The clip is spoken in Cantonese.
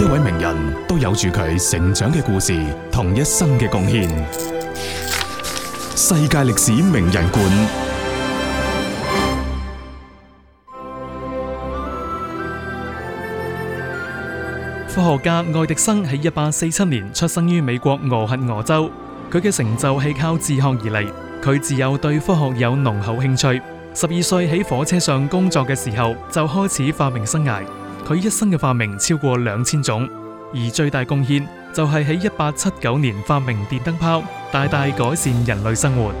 一位名人都有住佢成長嘅故事，同一生嘅貢獻。世界歷史名人館。科學家愛迪生喺一八四七年出生於美國俄亥俄州，佢嘅成就係靠自學而嚟。佢自幼對科學有濃厚興趣，十二歲喺火車上工作嘅時候就開始發明生涯。佢一生嘅發明超過兩千種，而最大貢獻就係喺一八七九年發明電燈泡，大大改善人類生活。